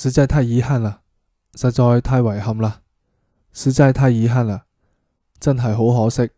實在太遺憾啦，實在太遺憾啦，實在太遺憾啦，真係好可惜。